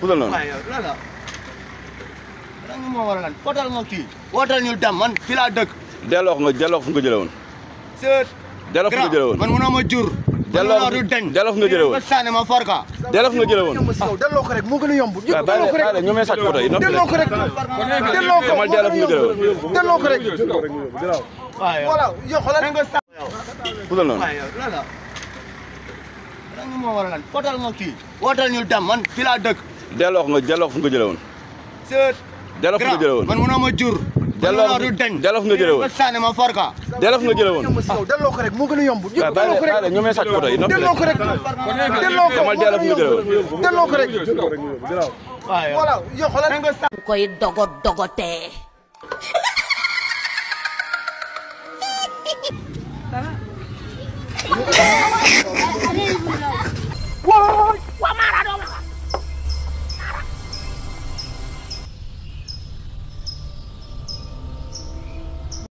puudar noonu a lan potal ma kii. wootal ñu dem man fi laa dëkk. delloo nga delloo fu nga jëlee woon. seet. delloo fu nga jëlee woon man mënoo ma jur. delloo ma du deñ delloo fu nga jëlee woon ma forka. delloo fu nga jëlee woon delloo ko rek moo gën a yomb. waaw bàyyi la bàyyi la ñu may sàcc ko tey. delloo ko a yomb delloo ñu moo war a lan wootal ma kii wootal ñu dem man fi laa dëkk delloo nga delloo fu nga jëlee woon sët delloo fu nga jëlee woon man mënoo ma jur delloo du deñ delloo fu nga jëlee woon sànni ma forka delloo fu nga jëlee woon delloo ko rek moo gën a yomb delloo ko rek ñoomee sàcc oto yi delloo ko rek delloo ko demal delloo fu nga jëlee woon delloo ko rek voilà yow xoolal nga sànni koy dogo dogotee